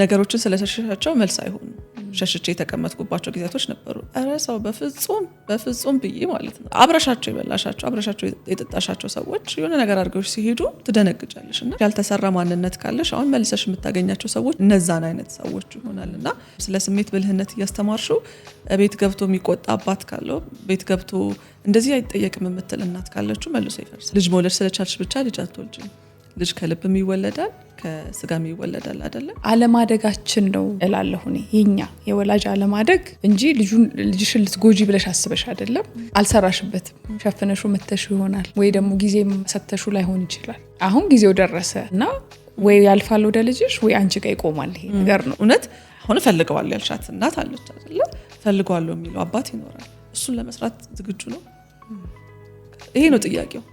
ነገሮችን ስለሸሸሻቸው መልስ አይሆኑ ሸሽቼ የተቀመጥኩባቸው ጊዜያቶች ነበሩ። እረ ሰው በፍጹም በፍጹም ብዬ ማለት ነው። አብረሻቸው የበላሻቸው አብረሻቸው የጠጣሻቸው ሰዎች የሆነ ነገር አድርገው ሲሄዱ ትደነግጫለሽ። እና ያልተሰራ ማንነት ካለሽ አሁን መልሰሽ የምታገኛቸው ሰዎች እነዛን አይነት ሰዎች ይሆናል። እና ስለ ስሜት ብልህነት እያስተማርሹ ቤት ገብቶ የሚቆጣ አባት ካለው ቤት ገብቶ እንደዚህ አይጠየቅም የምትል እናት ካለችው መልሶ ይፈርሳል። ልጅ መውለድ ስለቻልሽ ብቻ ልጅ አትወልጅም። ልጅ ከልብም ይወለዳል ከስጋም ይወለዳል አይደለም። አለማደጋችን ነው እላለሁ እኔ የኛ የወላጅ አለማደግ እንጂ ልጅሽን ልትጎጂ ብለሽ አስበሽ አይደለም። አልሰራሽበትም። ሸፍነሹ መተሹ ይሆናል ወይ ደግሞ ጊዜ ሰተሹ ላይሆን ይችላል። አሁን ጊዜው ደረሰ እና ወይ ያልፋል ወደ ልጅሽ ወይ አንቺ ጋር ይቆማል። ይሄ ነገር ነው እውነት። አሁን እፈልገዋለሁ ያልሻት እናት አለች አይደለ? እፈልገዋለሁ የሚለው አባት ይኖራል። እሱን ለመስራት ዝግጁ ነው? ይሄ ነው ጥያቄው።